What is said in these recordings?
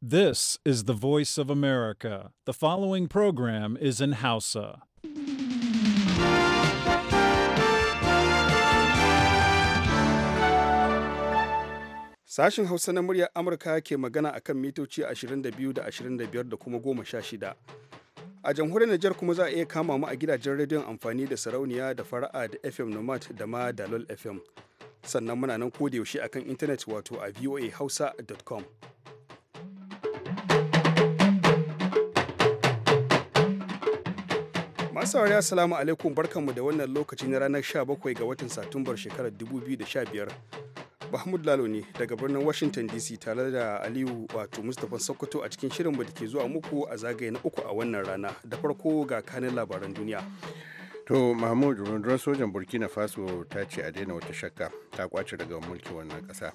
This is the voice of America. The following program is in Hausa. Sashen Hausa na muryar Amurka ke magana akan mitoci 22 da 25 da kuma 16. A jamhuriyar Nijar kuma za a iya kama mu a gidajen rediyon amfani da sarauniya da fara'a da FM Nomad da ma Dalol FM. Sannan muna nan a akan intanet wato a voahausa.com. Masu saurari assalamu alaikum barkanmu da wannan lokaci na ranar 17 ga watan Satumbar shekarar 2015. Mahmud Lalo ne daga birnin Washington DC tare da Aliyu wato Mustapha Sokoto a cikin shirinmu da ke zuwa muku a zagaye na uku a wannan rana. Da farko ga kanin labaran duniya. To Mahmud rundunar sojan Burkina Faso ta ce a daina wata shakka ta kwace daga mulki wannan kasa.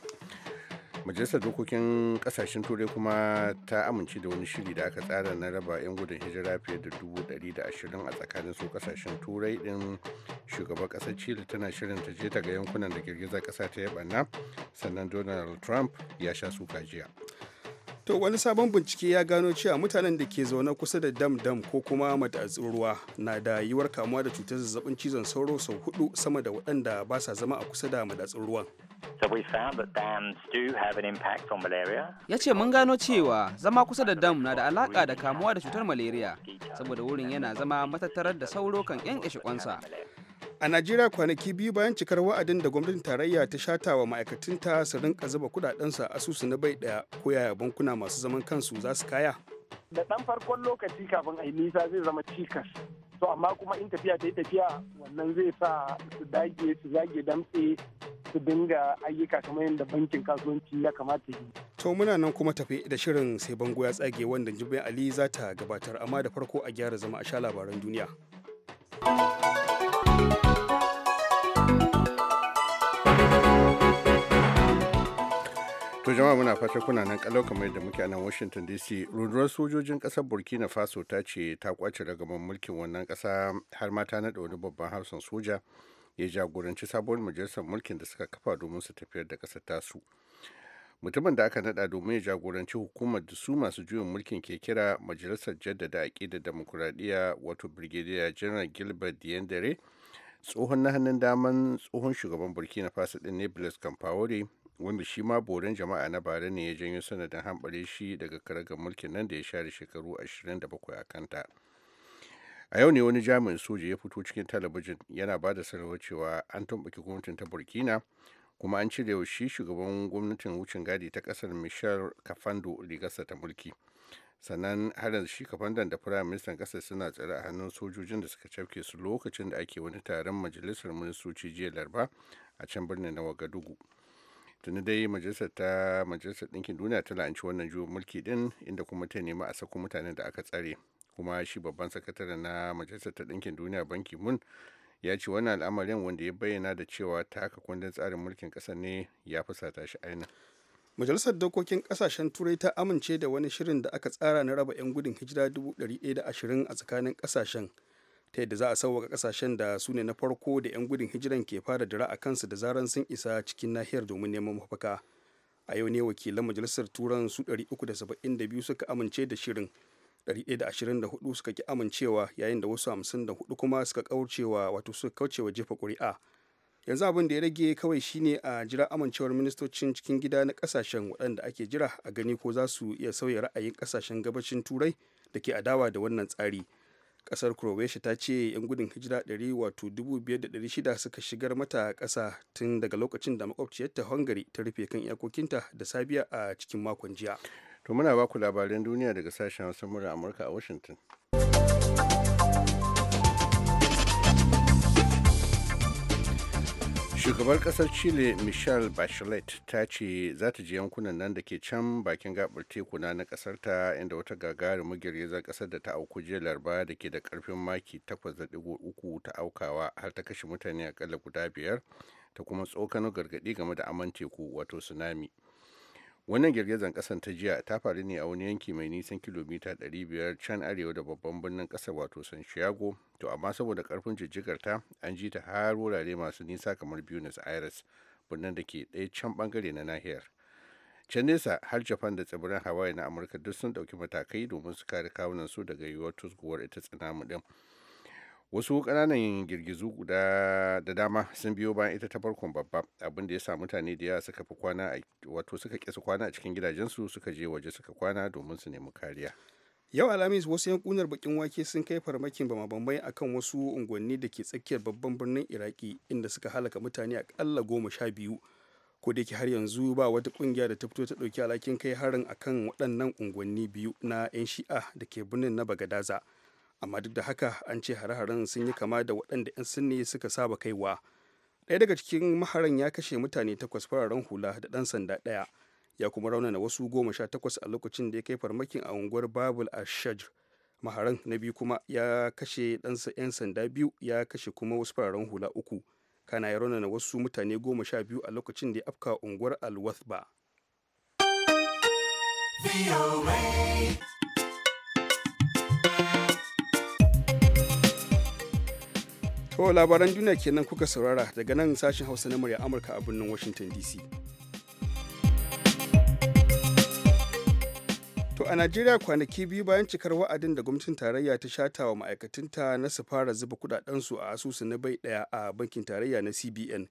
majalisar dokokin kasashen turai kuma ta amince da wani shiri da aka tsara na raba 'yan gudun hijira fiye da dubu da ashirin a tsakanin su kasashen turai din shugaban kasar chile tana shirin ta je daga yankunan da girgizar kasa ta yabana sannan donald trump ya sha suka jiya To wani sabon bincike ya gano cewa mutanen da ke zaune kusa da dam-dam ko kuma matatsin ruwa na da yiwuwar kamuwa da cutar zazzabin cizon sauro sau hudu sama da waɗanda ba sa zama a kusa da matatsin ruwan. Ya ce mun gano cewa zama kusa da dam na da alaƙa da kamuwa da cutar malaria saboda wurin yana zama matattarar da sauro kan 'yan kwansa. A Najeriya kwanaki biyu bayan cikar wa'adin da gwamnatin tarayya ta shata wa ta su rinka zuba kudadensu a asusu na bai daya ko yaya bankuna masu zaman kansu za su kaya. Da ɗan farkon lokaci kafin a yi nisa zai zama cikas. To amma kuma in tafiya ta yi tafiya wannan zai sa su dage su zage damtse su dinga ayyuka kamar yadda bankin kasuwanci ya kamata yi. To muna nan kuma tafi da shirin sai bango ya tsage wanda jibin Ali za ta gabatar amma da farko a gyara zama a sha labaran duniya. To jama'a muna fata kuna nan kalau kamar da muke a nan Washington DC. Rundunar sojojin kasar Burkina Faso ta ce ta kwace ragaman mulkin wannan kasa har ma ta nada wani babban harsun soja ya jagoranci sabon majalisar mulkin da suka kafa domin su tafiyar da kasar tasu. Mutumin da aka nada domin ya jagoranci hukumar da su masu juyin mulkin ke kira majalisar jaddada aƙidar demokuraɗiyya wato Brigadier General Gilbert Diendere tsohon na hannun daman tsohon shugaban Burkina Faso ɗin ne Blaise wanda shi ma borin jama'a na bara ne ya janyo sanadin hambare shi daga karagar mulkin nan da ya share shekaru 27 a kanta a yau ne wani jami'in soja ya fito cikin talabijin yana ba da sanarwar cewa an tumɓuke gwamnatin ta burkina kuma an cire shi shugaban gwamnatin wucin gadi ta kasar michel kafando rigarsa ta mulki sannan har shi kafandan da firayim ministan kasar suna tsare a hannun sojojin da suka cafke su lokacin da ake wani taron majalisar ministoci jiya larba a can birnin na wagadugu tuni dai majalisar ta majalisar ɗinkin duniya ta la'anci wannan juyin mulki din inda kuma ta nema a sako mutanen da aka tsare kuma shi babban sakatare na majalisar ta ɗinkin duniya banki mun ya ce wannan al'amarin wanda ya bayyana da cewa ta haka kundin tsarin mulkin ƙasar ne ya fusata shi ainihin majalisar dokokin kasashen turai ta amince da wani shirin da aka tsara na raba 'yan gudun hijira da ashirin a tsakanin kasashen ta yadda za a sauwaka kasashen da su ne na farko da 'yan gudun hijiran ke fara dira a kansu da zaran sun isa cikin nahiyar domin neman mafaka a yau ne wakilan majalisar turan su 372 suka amince da shirin 124 suka ki amincewa yayin da wasu 54 kuma suka kaucewa wato suka kaucewa jefa ƙuri'a yanzu abin da ya rage kawai shine a jira amincewar ministocin cikin gida na kasashen waɗanda ake jira a gani ko za su iya sauya ra'ayin kasashen gabashin turai da ke adawa da wannan tsari kasar croatia ta ce 'yan gudun hijira 100 wato suka shigar mata ƙasa tun daga lokacin da makwabciyarta hungary ta rufe kan iyakokinta da sabiya a cikin makon jiya to muna baku labaran duniya daga sashen hausa murar amurka a washington shugabar kasar chile michelle bachelet ta ce za ta je yankunan nan da ke can bakin gabar tekuna na kasar ta inda wata gagarumin girgizar kasar da ta auku jiya laraba da ke da karfin maki 8.3 ta aukawa har ta kashe mutane a akalla guda biyar ta kuma tsokano gargadi game da aman teku wato tsunami wannan girgizar kasan ta jiya ta faru ne a wani yanki mai nisan kilomita 500 can arewa da babban birnin kasar wato san shiago to amma saboda karfin jijjigar ta an ji ta har wurare masu nisa kamar buenos aires birnin da ke ɗaya can bangare na nahiyar can nesa har japan da tsibirin hawaii na amurka duk sun ɗauki matakai domin su kare kawunan su daga yiwuwar tusguwar ita tsunami din wasu kananan girgizu guda da dama sun biyo bayan ita ta farkon babba abin da ya sa mutane da yawa suka fi kwana wato suka kesa kwana a cikin gidajensu suka je waje suka kwana domin su nemi kariya yau alhamis wasu yankunar bakin wake sun kai farmakin bama bambai akan wasu unguwanni da ke tsakiyar babban birnin iraki inda suka halaka mutane a akalla goma sha biyu ko da har yanzu ba wata kungiya da ta fito ta dauki alhakin kai harin akan waɗannan unguwanni biyu na 'yan shi'a da ke birnin na bagadaza amma duk da haka an ce hare-haren sun yi kama da waɗanda 'yan sinne suka saba kaiwa ɗaya daga cikin maharan ya kashe mutane takwas fararen hula da ɗan sanda ɗaya ya kuma raunana wasu goma sha takwas a lokacin da ya kai farmakin a unguwar babul a shaj maharan na biyu kuma ya kashe ɗansa 'yan sanda biyu ya kashe kuma wasu fararen hula uku kana ya na wasu mutane goma sha biyu a lokacin da ya afka unguwar alwathba To labaran duniya kenan kuka saurara daga nan sashen Hausa na murya Amurka a birnin Washington DC. To a Najeriya kwanaki biyu bayan cikar wa'adin da gwamnatin tarayya ta shata wa ma'aikatanta na su fara zuba kudadensu a asusu na bai daya a bankin tarayya na CBN.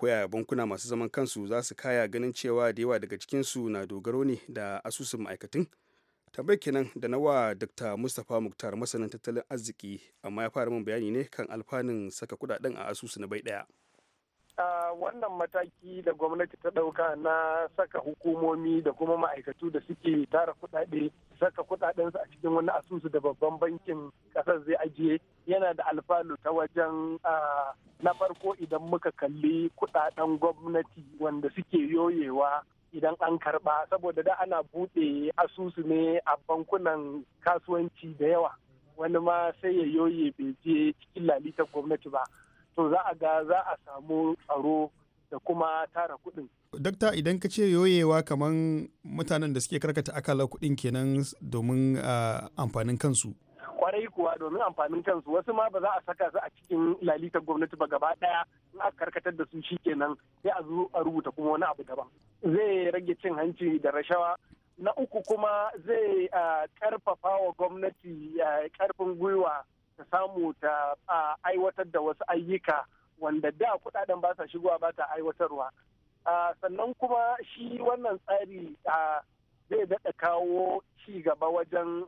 Koya bankuna masu zaman kansu za su kaya ganin cewa da yawa daga cikin su na dogaro ne da asusun ma'aikatan tambayar kenan da na wa dr mustapha muktar masanin tattalin arziki amma ya fara min bayani ne kan alfanun saka kudaden a asusu na bai daya wannan mataki da gwamnati ta ɗauka na saka hukumomi da kuma ma'aikatu da suke tara kuɗaɗe saka kuɗaɗensu a cikin wani asusu da babban bankin ƙasar zai ajiye yana da alfanu ta wajen na farko idan muka kalli kudaden gwamnati wanda suke yoyewa idan an karba saboda da ana bude asusu ne a bankunan kasuwanci da yawa wani ma sai ya yoye bai je cikin lalitar gwamnati ba to za a ga za a samu tsaro da kuma tara kuɗin. Dokta idan ka ce yoyewa kamar mutanen da suke karkata akala kuɗin kenan domin ah, amfanin kansu. yi kuwa domin amfanin kansu wasu ma ba za a saka su a cikin lalitar gwamnati ba gaba daya in aka karkatar da su shikenan sai a zo a rubuta kuma wani abu daban zai rage cin hanci da rashawa na uku kuma zai karfafa wa gwamnati karfin gwiwa ta samu ta aiwatar da wasu ayyuka wanda da kudaden ba sa shigowa ba ta aiwatarwa sannan kuma shi wannan tsari zai daɗa kawo ci gaba wajen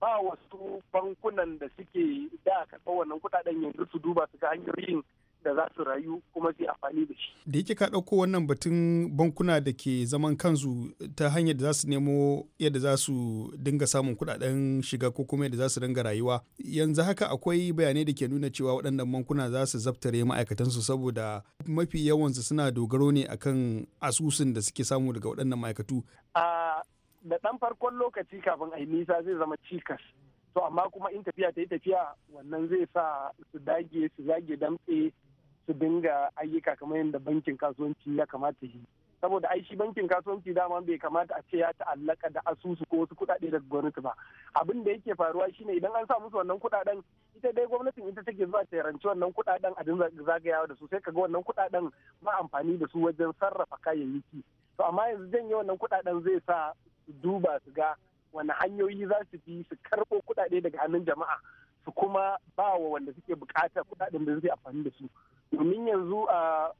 ba wasu bankunan da suke da karɓar wannan kuɗaɗen yanzu su duba su ga hanyoyin da za su rayu kuma su amfani da shi. Da yake ka ɗauko wannan batun bankuna da ke zaman kansu ta hanyar da za su nemo yadda za su dinga samun kuɗaɗen shiga ko kuma yadda za su dinga rayuwa. Yanzu haka akwai bayanai da ke nuna cewa waɗannan bankuna za su zaftare ma'aikatansu saboda mafi yawansu suna dogaro ne akan asusun da suke samu daga waɗannan ma'aikatu. da ɗan farkon lokaci kafin a yi nisa zai zama cikas to amma kuma in tafiya ta yi tafiya wannan zai sa su dage su zage damtse su dinga ayyuka kamar yadda bankin kasuwanci ya kamata yi saboda ai shi bankin kasuwanci dama bai kamata a ce ya ta'allaka da asusu ko wasu kuɗaɗe daga gwamnati ba abin da yake faruwa shine idan an sa musu wannan kuɗaɗen ita dai gwamnatin ita take zuwa ta yaranci wannan kuɗaɗen a dinga zagayawa da su sai kaga wannan kuɗaɗen ba amfani da su wajen sarrafa kayayyaki to amma yanzu janye wannan kuɗaɗen zai sa duba su ga wani hanyoyi za su bi su karɓo kuɗaɗe daga hannun jama'a su kuma ba wa wanda suke buƙatar kuɗaɗen da suke amfani da su domin yanzu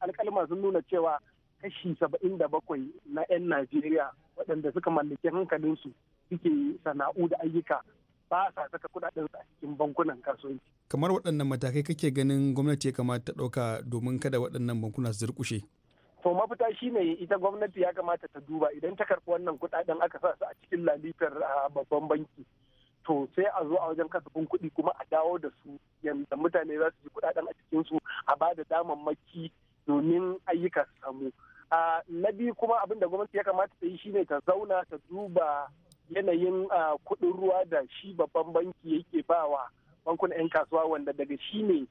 alƙalma sun nuna cewa kashi saba'in da bakwai na 'yan najeriya waɗanda suka mallaki hankalin su suke sana'u da ayyuka ba sa saka kuɗaɗen a cikin bankunan kasuwanci kamar waɗannan matakai kake ganin gwamnati ya kamata ta ɗauka domin kada waɗannan bankuna su durƙushe to mafita shine ita gwamnati ya kamata ta duba idan ta karɓi wannan kuɗaɗen aka sa su a cikin lalifar babban banki to sai a zo a wajen kasafin kuɗi kuma a dawo da su yadda mutane za su ji kuɗaɗen a cikin su a ba da damammaki domin ayyuka su samu na biyu kuma abin da gwamnati ya kamata ta yi shine ta zauna ta duba yanayin kuɗin ruwa da shi babban banki yake bawa bankuna 'yan kasuwa wanda daga shi ne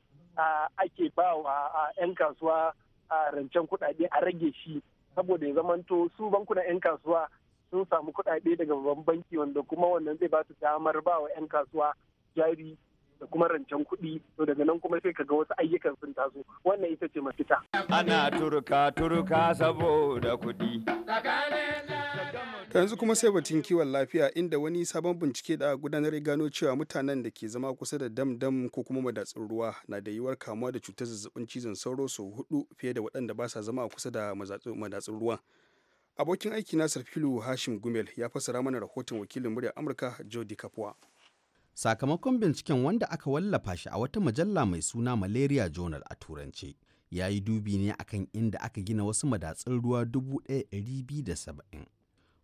ake bawa 'yan kasuwa a rancen kuɗaɗe a rage shi saboda ya zamanto su bankunan 'yan kasuwa sun samu kuɗaɗe daga babban banki wanda kuma wannan zai ba su damar ba wa 'yan kasuwa jari da kuma rancen kuɗi to daga nan kuma sai kaga wasu ayyukan sun taso wannan ita ce mafita. Ana turka turka saboda kuɗi. ta yanzu kuma sai batun kiwon lafiya inda wani sabon bincike da gudanar ya gano cewa mutanen da ke zama kusa da dam dam ko kuma madatsun ruwa na da yiwuwar kamuwa da cutar zazzabin cizon sauro sau hudu fiye da waɗanda ba sa zama a kusa da madatsun ruwa abokin aiki na sarfilu hashim gumel ya fasara mana rahoton wakilin muryar amurka jody kapua sakamakon binciken wanda aka wallafa shi a wata majalla mai suna malaria journal a turance ya yi dubi ne akan inda aka gina wasu madatsin ruwa 1270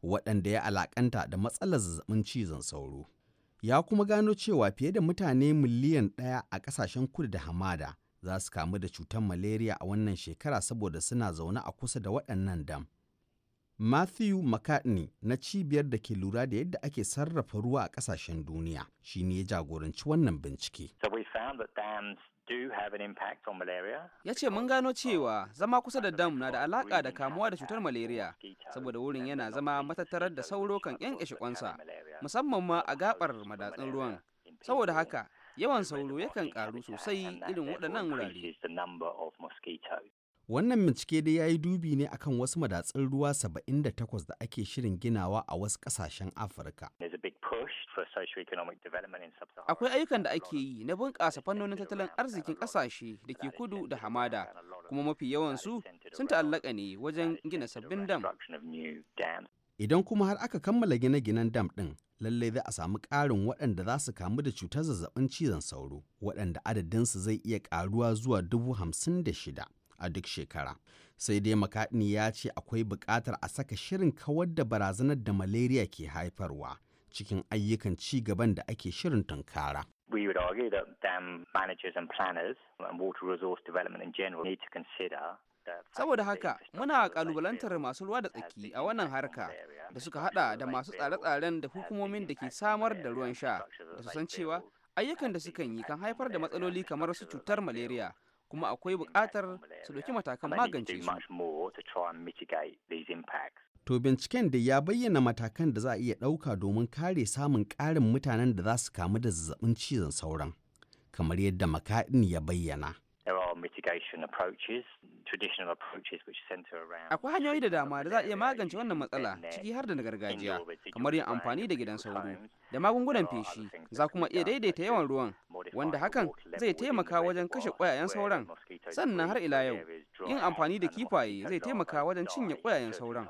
waɗanda ya alaƙanta da matsalar zazzabin cizon sauro. Ya kuma gano cewa fiye da mutane miliyan ɗaya a ƙasashen kudu da hamada za su kamu da cutar malaria a wannan shekara saboda suna zaune a kusa da waɗannan dam. Matthew McCartney na cibiyar da ke lura da yadda ake sarrafa ruwa a ƙasashen duniya shi ne ya jagoranci wannan bincike. So we Ya ce mun gano cewa zama kusa da dam na da alaƙa da kamuwa da cutar malaria saboda wurin yana zama matattarar da sauro kan yan ƙwansa musamman ma a gabar madatsin ruwan. Saboda haka yawan sauro yakan ƙaru sosai irin waɗannan wurare. Wannan bincike dai ya yi dubi ne akan wasu madatsun ruwa 78 da ake shirin ginawa a wasu ƙasashen Afirka. Akwai ayyukan da ake yi na bunƙasa fannonin tattalin arzikin ƙasashe da ke kudu da hamada, kuma mafi yawansu sun ta'allaka ne wajen gina sabbin dam. Idan kuma har aka kammala gine-ginen dam ɗin, lallai za a samu ƙarin waɗanda za su kamu da cutar zazzabin cizon sauro, waɗanda adadinsu zai iya ƙaruwa zuwa dubu hamsin da shida. a duk shekara. Sai dai makaɗini ya ce akwai buƙatar a saka shirin kawar da barazanar da malaria ke haifarwa cikin ayyukan ci gaban da ake shirin tunkara. We would argue that um, managers and saboda haka muna kalubalantar masu ruwa da tsaki a wannan harka da suka hada da masu tsare-tsaren da hukumomin da ke samar da ruwan sha da su san cewa ayyukan da sukan yi kan haifar da matsaloli kamar su cutar malaria kuma akwai bukatar su ɗauki uh, matakan magance su. To binciken da ya bayyana matakan da za a iya ɗauka domin kare samun ƙarin mutanen da za su kamu da zazzabin cizon sauran, kamar yadda makaɗin ya bayyana. Akwai hanyoyi da dama da za a iya magance wannan matsala ciki har da na gargajiya, kamar yin amfani da gidan sauro, da magungunan feshi, za kuma iya daidaita yawan ruwan wanda hakan zai taimaka wajen kashe ƙwayayen sauran sannan har ila yau yin amfani da kifaye zai taimaka wajen cinye ƙwayayen sauran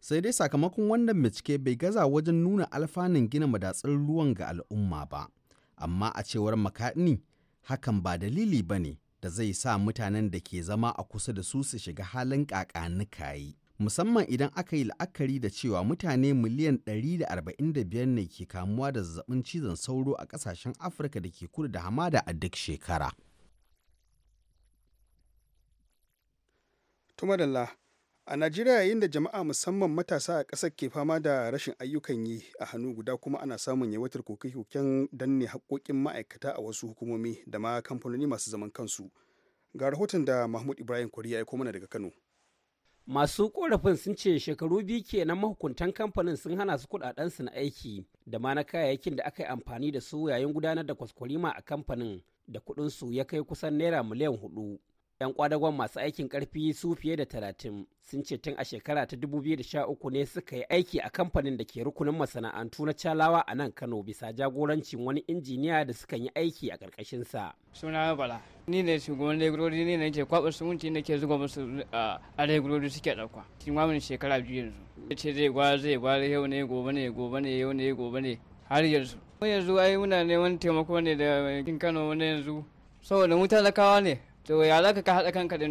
sai dai sakamakon wannan bincike bai gaza wajen nuna alfanun gina madatsar ruwan ga al'umma ba amma a cewar makani hakan ba dalili ba ne da zai sa mutanen da ke zama a kusa da su su shiga halin ƙaƙanikayi. musamman idan aka yi la'akari da cewa mutane miliyan 145 ne ke kamuwa da zazzabin cizon sauro a kasashen afirka da ke kudu da hamada a duk shekara. tumadalla a najeriya yayin da jama'a musamman matasa a ƙasar ke fama da rashin ayyukan yi a hannu guda kuma ana samun yawaitar koke-koken danne haƙoƙin ma'aikata a wasu hukumomi da ma kamfanoni masu zaman kansu ga rahoton da mahmud ibrahim kwari ya aiko mana daga kano masu korafin sun ce shekaru biyu ke na mahukuntan kamfanin sun hana su kudadensu na aiki da ma na kayayyakin da aka yi amfani da su yayin gudanar da kwaskwarima a kamfanin da kudinsu ya kai kusan naira miliyan hudu 'yan kwadagon masu aikin karfi su fiye da talatin sun ce tun a shekara ta 2013 ne suka yi aiki a kamfanin da ke rukunin masana'antu na calawa a nan kano bisa jagorancin wani injiniya da suka yi aiki a ƙarƙashinsa. suna bala ni ne shugaban legurori ne nake kwaɓa sumunci da ke zuba musu a legurori suke ɗauka cikin wamin shekara biyu yanzu ya ce zai gwara zai gwa yau ne gobe ne gobe ne yau ne gobe ne har yanzu yanzu ai muna neman taimako ne da kin kano wani yanzu saboda mu kawa ne to ya za ka haɗa kanka da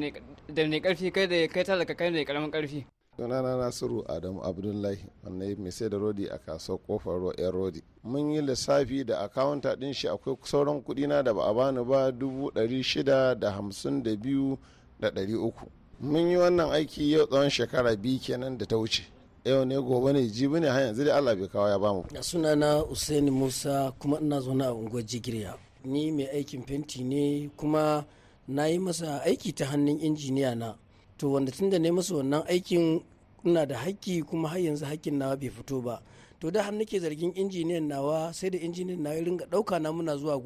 ne ƙarfi kai da kai ta daga kai mai ƙaramin ƙarfi sunana nasiru adamu abdullahi ya mai sai da rodi a kasuwar kofar yan rodi mun yi lissafi da akawunta ɗin shi akwai sauran kuɗi na da ba a bani ba dubu ɗari shida da hamsin da biyu da ɗari uku mun yi wannan aiki yau tsawon shekara biyu kenan da ta wuce yau ne gobe ne jibi ne har yanzu allah bai kawo ya bamu sunana usaini musa kuma ina zaune a unguwar jigirya ni mai aikin fenti ne kuma na yi masa aiki ta hannun injiniya na to wanda tunda ne masa wannan aikin ina da haƙƙi kuma har yanzu haƙƙin nawa bai fito ba to da har nake zargin injiniyan nawa sai da injiniyan na ringa ɗauka na muna zuwa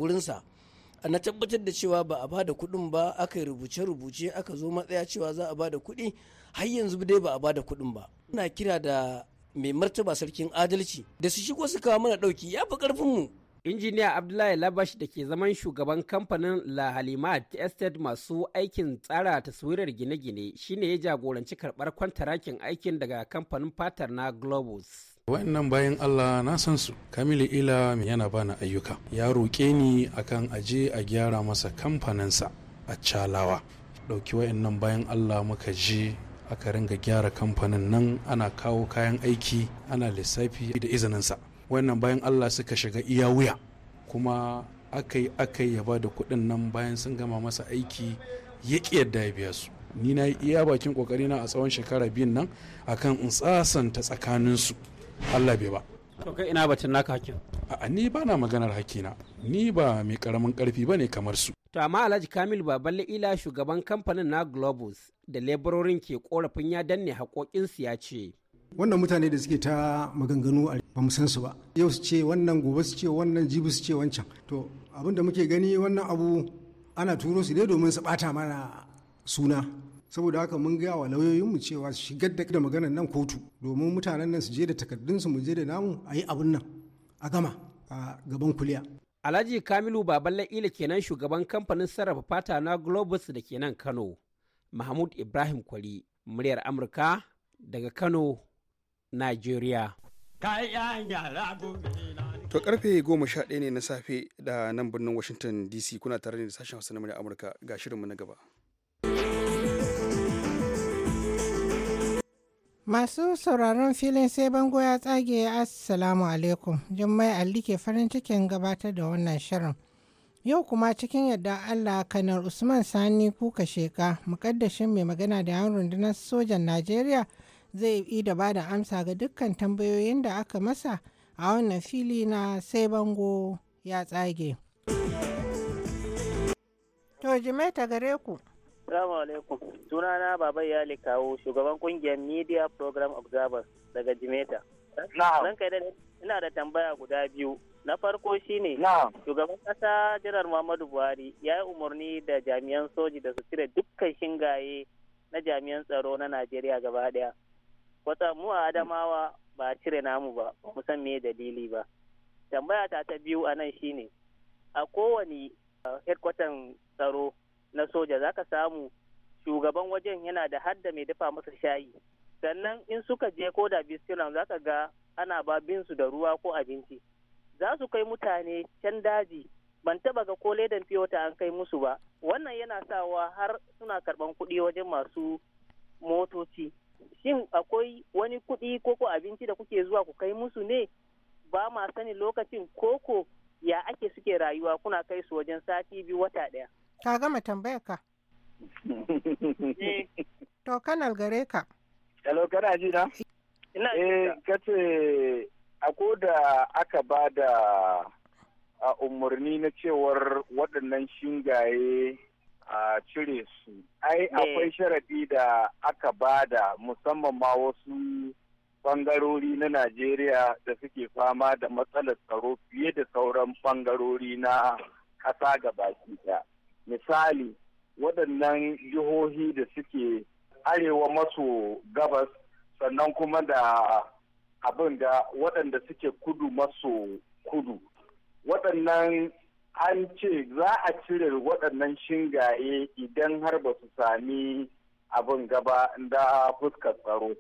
a na tabbatar da cewa ba a bada kuɗin ba aka yi rubuce-rubuce aka zo matsaya cewa za a bada kuɗi har yanzu dai ba a bada kuɗin ba ina kira da mai martaba sarkin adalci da su shigo su kawo mana ɗauki ya fi ƙarfinmu Injiniya Abdullahi Labash da ke zaman shugaban kamfanin La Halimat Estate masu aikin tsara taswirar gine-gine shine ya jagoranci karɓar kwantarakin aikin daga kamfanin fatar na Globus. wayannan bayan Allah na san su Kamilu Ila yana bana ayyuka ya roƙe ni akan aje a gyara masa kamfaninsa a Calawa ɗauki wayannan bayan Allah muka je aka ringa gyara kamfanin nan ana kawo kayan aiki ana lissafi da izininsa wannan bayan allah suka shiga iya wuya kuma aka yi aka ya ba da kuɗin nan bayan sun gama masa aiki ya yadda ya biya su ni na yi iya bakin kokari na a tsawon shekara biyun nan akan in tsasanta tsakaninsu allah bai ba to kai ina batun naka hakin a ni ba na maganar hakina ni ba mai karamin karfi ba ne kamar su to amma alhaji kamil balle ila shugaban kamfanin na globus da leburorin ke korafin ya danne haƙoƙinsu ya ce wannan mutane da suke ta maganganu a ba mu san su ba yau su ce wannan gobe su ce wannan jibi su ce wancan to abinda muke gani wannan abu ana turo su ne domin su bata mana suna saboda haka mun gaya wa lauyoyin mu cewa su shigar da maganar nan kotu domin mutanen nan su je da su mu je da namu a yi abin nan a gama a gaban kuliya Alhaji Kamilu Baballe Ila kenan shugaban kamfanin sarrafa fata na Globus da ke nan Kano. Mahmud Ibrahim kwari muryar Amurka daga Kano, Nigeria. To karfe goma sha ɗaya ne na safe da nan birnin Washington DC kuna tare da sashen Hausa na Amurka ga shirinmu na gaba. Masu sauraron filin sai bango ya tsage Assalamu alaikum. Jummai Ali ke farin cikin gabatar da wannan shirin. Yau kuma cikin yadda Allah kanar Usman Sani kuka sheka mukaddashin mai magana da yawon rundunar sojan Najeriya zai yi da ba da amsa ga dukkan tambayoyin da aka masa a wannan fili na sai bango ya tsage. To ta gare ku. Salamu alaikum. Sunana Baba Yali Kawo, shugaban kungiyar Media Program Observer daga Jimeta. ina da tambaya guda biyu. Na farko shine shugaban kasa Janar Muhammadu Buhari ya yi umarni da jami'an soji da su cire dukkan shingaye na jami'an tsaro na Najeriya gaba daya. wata mu a adamawa ba cire namu ba mu san me dalili ba tambaya ta ta biyu a nan shine a kowane headkwatan tsaro na soja zaka samu shugaban wajen yana da hadda mai dafa masa shayi sannan in suka je ko da biskiran zaka ga ana ba binsu da ruwa ko abinci za su kai mutane can daji ban taba ga ko ledan fiyota an kai musu ba wannan yana sawa har suna karban kuɗi wajen masu motoci shin akwai wani kuɗi ko ko abinci da kuke zuwa ku kai musu ne ba ma sani lokacin koko ya ake suke rayuwa kuna kai su wajen sati biyu wata ɗaya. Ka gama tambaya ka. Eh. To kan gare ka. Hello kana ji na? Ina eh kace ko da aka ba da a umarni na cewar waɗannan shingaye a cire su ai eh. akwai sharadi da aka bada musamman ma wasu bangarori na najeriya da suke fama da matsalar tsaro fiye da sauran bangarori na ƙasa baki ɗaya misali waɗannan jihohi da suke arewa maso gabas sannan kuma da abin da waɗanda suke kudu maso kudu waɗannan an ce za a cire waɗannan shingaye idan har ba su sami abin gaba da fuskar tsaro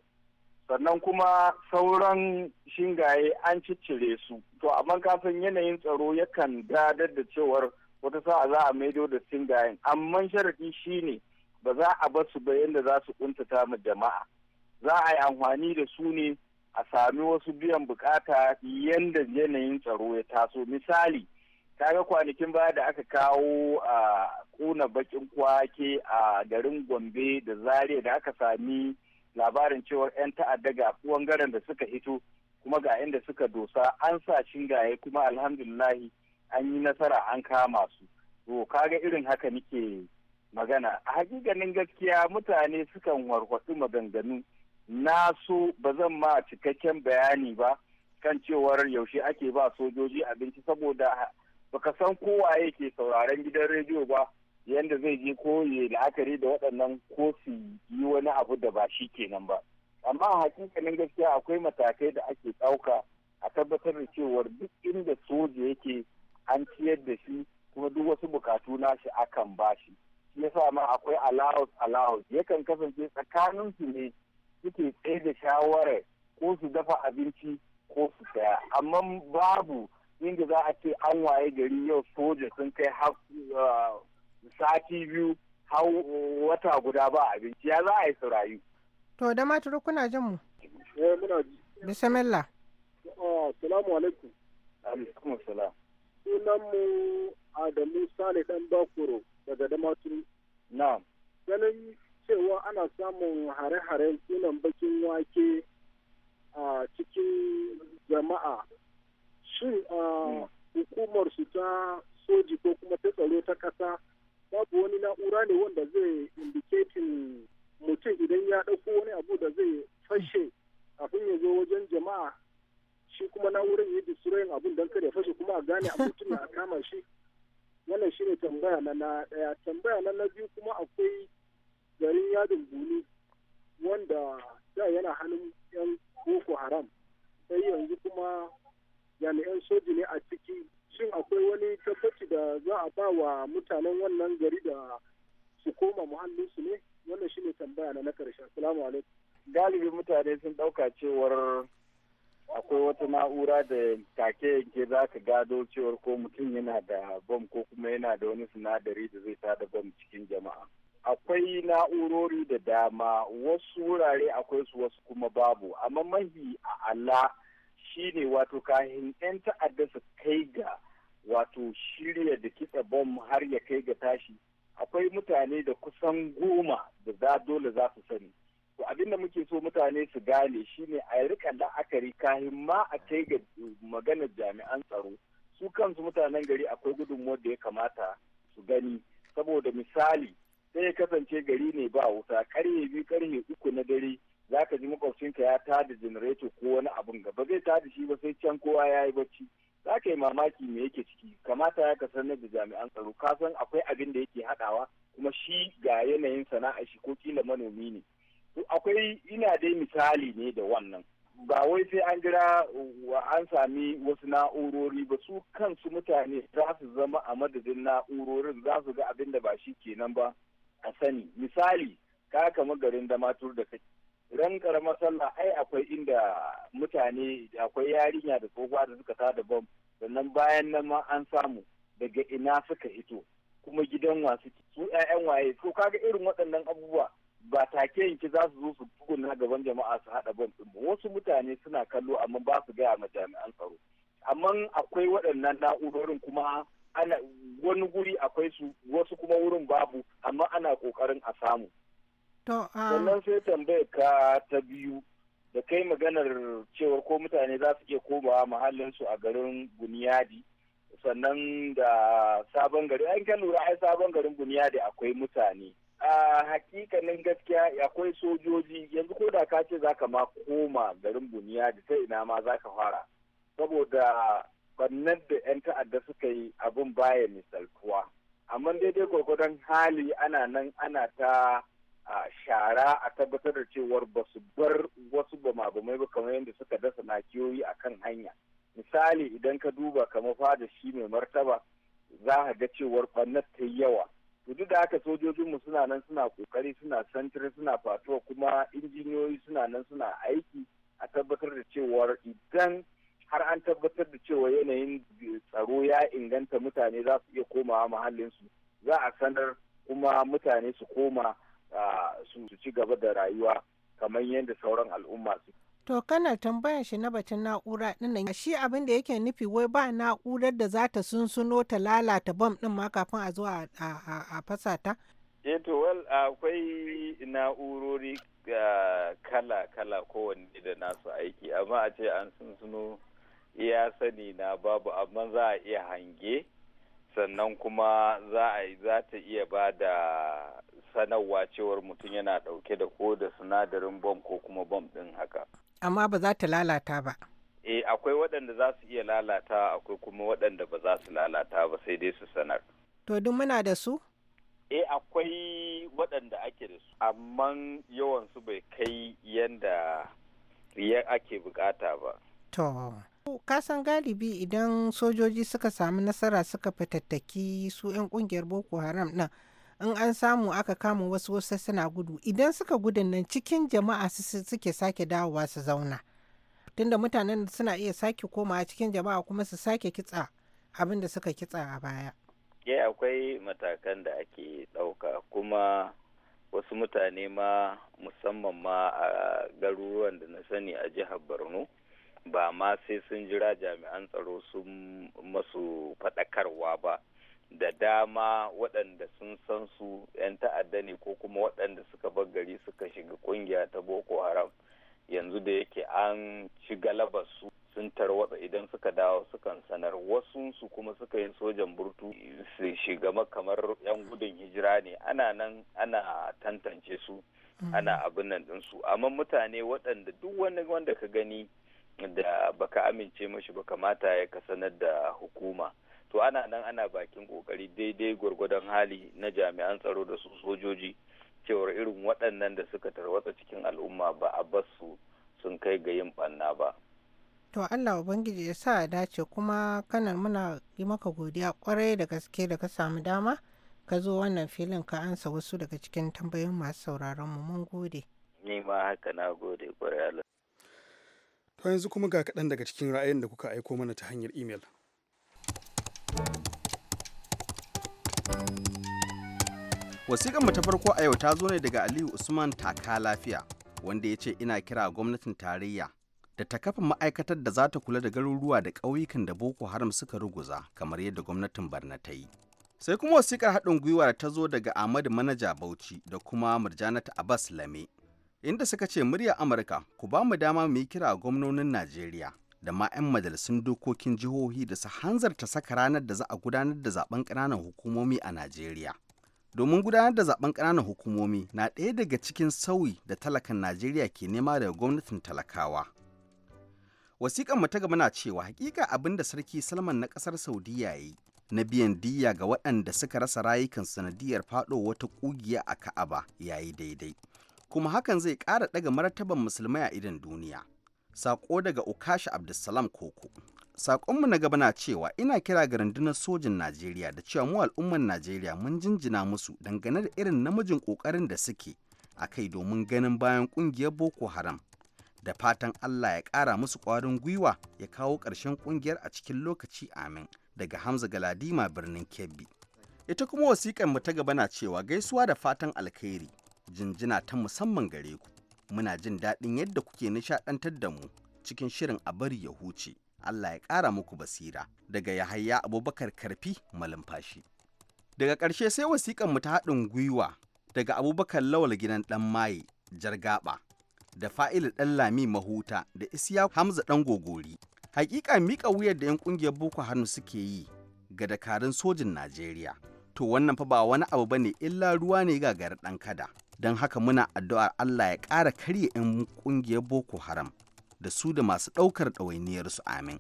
sannan kuma sauran shingaye an ciccire su to amma kafin yanayin tsaro yakan dadar da cewar wata sa'a za a maido da shingayen amma sharadi shine ba za a bar su ba yadda za su kuntata ma jama'a za a yi amfani da su ne a sami wasu biyan bukata yadda yanayin tsaro ya taso misali ga kwanakin baya da aka kawo a kuna bakin kwake a garin gombe da zaria da aka sami labarin cewar 'yan ta'adda ga ɓangaren da suka hito kuma ga inda suka dosa an sa shingaye kuma alhamdulillahi an yi nasara an kama su to kaga irin haka nike magana a hakikanin gaskiya mutane sukan warkwatsu maganganu na so ba zan ma cikakken bayani ba kan cewar yaushe ake ba sojoji abinci saboda baka san kowa yake sauraron gidan rediyo ba yadda zai je ko ya la'akari da waɗannan ko su yi wani abu da ba shi kenan ba amma a hakikanin gaskiya akwai matakai da ake ɗauka a tabbatar da cewar duk inda soja yake an ciyar da shi kuma duk wasu bukatu shi akan ba shi ya sa ma akwai alaus allowance yakan kasance tsakanin su ne suke tsaye da shawarar ko su dafa abinci ko su saya amma babu inda za a ce an waye gari yau soja sun kai uh, sati biyu har wata guda ba abinci ya za a yi su rayu. To da kuna jin mu? Eh, muna ji. Bismillah. Uh, assalamu alaikum. Alaikum assalam. Sunan mu Adamu Sale dan Bakuro daga Damaturu. Na'am. Ganin cewa ana samun hare-haren sunan bakin wake a cikin jama'a shin uh, hmm. hukumar su ta soji ko kuma ta tsaro ta kasa babu wani na'ura ne wanda zai indicating mutum idan ya ɗauko wani abu da zai fashe abin ya zo wajen jama'a shi kuma na'urar ya destroying abin don kada ya fashe kuma a gane a mutum a kama shi wannan shi ne tambaya na na ɗaya tambaya na na biyu kuma akwai garin yadin buni wanda da yana hannun yan boko haram sai yanzu kuma jami'an soji ne a ciki shin akwai wani tabbaci da za a ba wa mutanen wannan gari da su koma muhallinsu ne wannan shine tambaya na na karshe assalamu alaikum galibi mutane sun ɗauka cewar akwai wata na'ura da take yanke za ka gado cewar ko mutum yana da bom ko kuma yana da wani sinadari da zai tada bom cikin jama'a akwai na'urori da dama wasu wurare akwai su wasu kuma babu amma mahi a allah. shine wato kahin 'yan ta'adda su kai ga wato shirya da kitsa bom har ya kai ga tashi akwai mutane da kusan goma da za dole za su sani to abin da muke so mutane su gane shine a rika la'akari kahin ma a kai ga maganar jami'an tsaro su kansu mutanen gari akwai gudunmuwar da ya kamata su gani saboda misali sai ya kasance gari ne ba wuta karye biyu karye uku na dare za ka ji makwabcinka ya tada janareto ko wani abun gaba ba zai tada shi ba sai can kowa ya yi bacci za ka yi mamaki me yake ciki kamata ya ka sanar da jami'an tsaro ka san akwai abin da yake haɗawa kuma shi ga yanayin sana'a shi ko kila manomi ne akwai ina dai misali ne da wannan ba wai sai an jira an sami wasu na'urori ba su kansu mutane za su zama a madadin na'urorin za su ga abin da ba shi kenan ba a sani misali ka kama garin damatur da kake idan karamar ai akwai inda mutane akwai yarinya da tsohuwa da suka tada bam sannan bayan nan ma an samu daga ina suka hito kuma gidan wasu su ƴaƴan waye ko kaga irin waɗannan abubuwa ba take yanki za su zo su tuguna gaban jama'a su haɗa bam ɗin ba wasu mutane suna kallo amma ba su gaya ma jami'an tsaro amma akwai waɗannan na'urorin kuma ana wani guri akwai su wasu kuma wurin babu amma ana ƙoƙarin a samu Ah. sannan sai tambayar ka ta biyu da kai maganar cewar ko mutane za su iya komawa su a garin buniyadi sannan da sabon gari an ka lura ai sabon garin buniyadi akwai mutane a hakikanin gaskiya akwai sojoji yanzu ko da ka ce za ka ma koma garin buniyadi ta ina ma za ka fara saboda bannan da 'yan ta'adda suka yi abin baya misaltuwa amma daidai gwargwadon hali ana nan ana ta a shara a tabbatar da cewar ba su bar wasu bamabamai ba kamar yadda suka dasa nakiyoyi a kan hanya misali idan ka duba kamar fada shi mai martaba za a ga cewar ɓannar ta yi yawa to duk da haka sojojinmu suna nan suna kokari suna santiri suna fatuwa kuma injiniyoyi suna nan suna aiki a tabbatar da cewar idan har an tabbatar da cewa yanayin tsaro ya inganta mutane za su iya komawa muhallinsu za a sanar kuma mutane su koma su ci gaba da rayuwa kamar yadda sauran al'umma su To kana tambayan shi na batun na'ura ɗin shi abin da yake nufi wai ba na'urar da za ta sunsuno ta lalata bam ɗin ma kafin a zo a fasata. ta? Eh to wal akwai na'urori kala kala kowanne da nasu aiki amma a ce an sunsuno iya sani na babu amma za a iya hange sannan kuma za ta iya ba da sanarwa cewar mutum yana ɗauke da ko da sinadarin bom ko kuma bom ɗin haka. Amma ba za ta lalata ba. Eh akwai waɗanda za su iya lalata akwai kuma waɗanda ba za su lalata ba sai dai su sanar. To duk muna da su? Eh akwai waɗanda ake da su amma yawan su bai kai yanda ake bukata ba. To. ka san galibi idan sojoji suka samu nasara suka fitattaki su 'yan kungiyar boko haram ɗin in an samu aka kama wasu wasu suna gudu idan suka gudu nan cikin jama'a suke sake dawowa su zauna tunda mutanen suna iya sake koma cikin jama'a kuma su sake kitsa abin da suka kitsa a baya ya eh, akwai matakan da ake ɗauka kuma wasu mutane ma musamman ma a garuruwan da na sani a jihar borno ba ma sai sun jira jami'an tsaro sun masu faɗakarwa ba da dama waɗanda sun san su 'yan ta'adda ne ko kuma waɗanda suka bar gari suka shiga ƙungiya ta boko haram yanzu da yake an ci galabarsu su sun tarwatsa idan suka dawo sukan sanar wasu su kuma suka yi sojan burtu su shiga kamar 'yan gudun hijira ne ana nan ana tantance su ana mm. abin nan ɗinsu amma mutane waɗanda duk wani wanda ka gani da baka amince mashi ba kamata ya ka sanar da hukuma. to ana nan ana bakin kokari daidai gwargwadon hali na jami'an tsaro da su sojoji cewar irin waɗannan da suka tarwatsa cikin al'umma ba a basu sun kai ga yin ɓanna ba to allah ubangiji ya sa a dace kuma kanan muna yi maka godiya kwarai da gaske da ka samu dama ka zo wannan filin ka ansa wasu daga cikin tambayoyin masu sauraron mu mun gode ni ma haka na gode kwarai to yanzu kuma ga kaɗan daga cikin ra'ayin da kuka aiko mana ta hanyar imel. mu ta farko a yau ta zo ne daga Aliyu Usman Taka Lafiya, wanda ya ce ina kira gwamnatin tarayya da ta kafa ma'aikatar da za ta kula da garuruwa da ƙauyukan da Boko Haram suka ruguza kamar yadda gwamnatin Barna ta yi. Sai kuma wasiƙar haɗin gwiwa da ta zo daga Ahmadu Manaja Bauchi da kuma Murjanatu Abbas Lame, inda suka ce murya Amurka ku ba mu dama mu yi kira gwamnonin Najeriya da ma 'yan majalisun dokokin jihohi da su hanzarta saka ranar da za a gudanar da zaben ƙananan hukumomi a Najeriya. Domin gudanar da zaben ƙananan hukumomi na ɗaya daga cikin sauyi da talakan Najeriya ke nema daga gwamnatin talakawa. Wasiƙan mu ta gaba na cewa hakika abin da Sarki Salman na ƙasar Saudiya yi na biyan diyya ga waɗanda suka rasa rayukan sanadiyar faɗo wata ƙugiya a Ka'aba yayi daidai. Kuma hakan zai ƙara ɗaga martaban musulmai a idan duniya. Saƙo daga Ukasha Abdulsalam Koko. Sakonmu na gaba na cewa ina kira ga rundunar sojin Najeriya da cewa mu al'ummar Najeriya mun jinjina musu dangane da irin namijin ƙoƙarin da suke a kai domin ganin bayan ƙungiyar Boko Haram. Da fatan Allah ya ƙara musu ƙwarin gwiwa ya kawo ƙarshen ƙungiyar a cikin lokaci amin daga Hamza Galadima birnin Kebbi. Ita kuma wasiƙar mu ta gaba na cewa gaisuwa da fatan alkhairi jinjina ta musamman gare ku. muna jin daɗin yadda kuke nishaɗantar da mu cikin shirin a bari ya huce Allah ya ƙara muku basira daga Yahaya Abubakar Karfi Malumfashi. Daga ƙarshe sai wasiƙan mu ta haɗin gwiwa daga Abubakar Lawal gidan ɗan maye Jargaɓa da Fa'il ɗan Lami Mahuta da Isiya Hamza ɗan Gogori. Hakika miƙa wuyar da 'yan ƙungiyar Boko Haram suke yi ga dakarun sojin Najeriya. To wannan fa ba wani abu bane illa ruwa ne ga gagarar ɗan kada. don haka muna addu'ar Allah ya ƙara karye 'yan ƙungiyar Boko Haram da su da masu ɗaukar ɗawainiyarsu amin.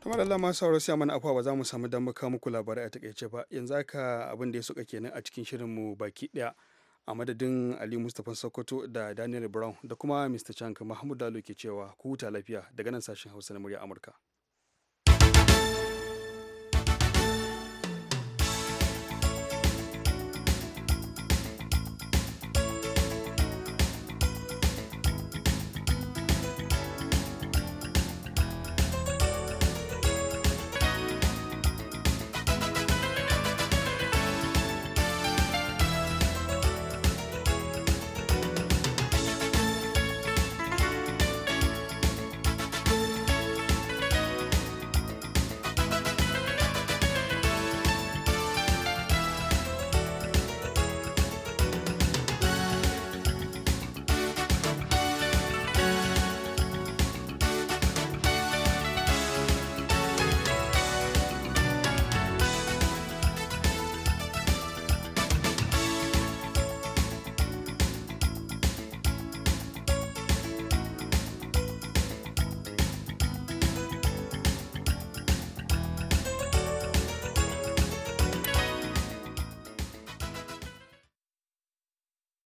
kamar Allah masu sauran siya mana afuwa ba za mu samu damar kawo muku labarai a takaice ba yanzu haka abin da ya suka kenan a cikin shirin mu baki ɗaya a madadin Ali Mustapha Sokoto da Daniel Brown da kuma Mr. Chank Mahmud Dalo ke cewa ku huta lafiya daga nan sashen Hausa na murya Amurka.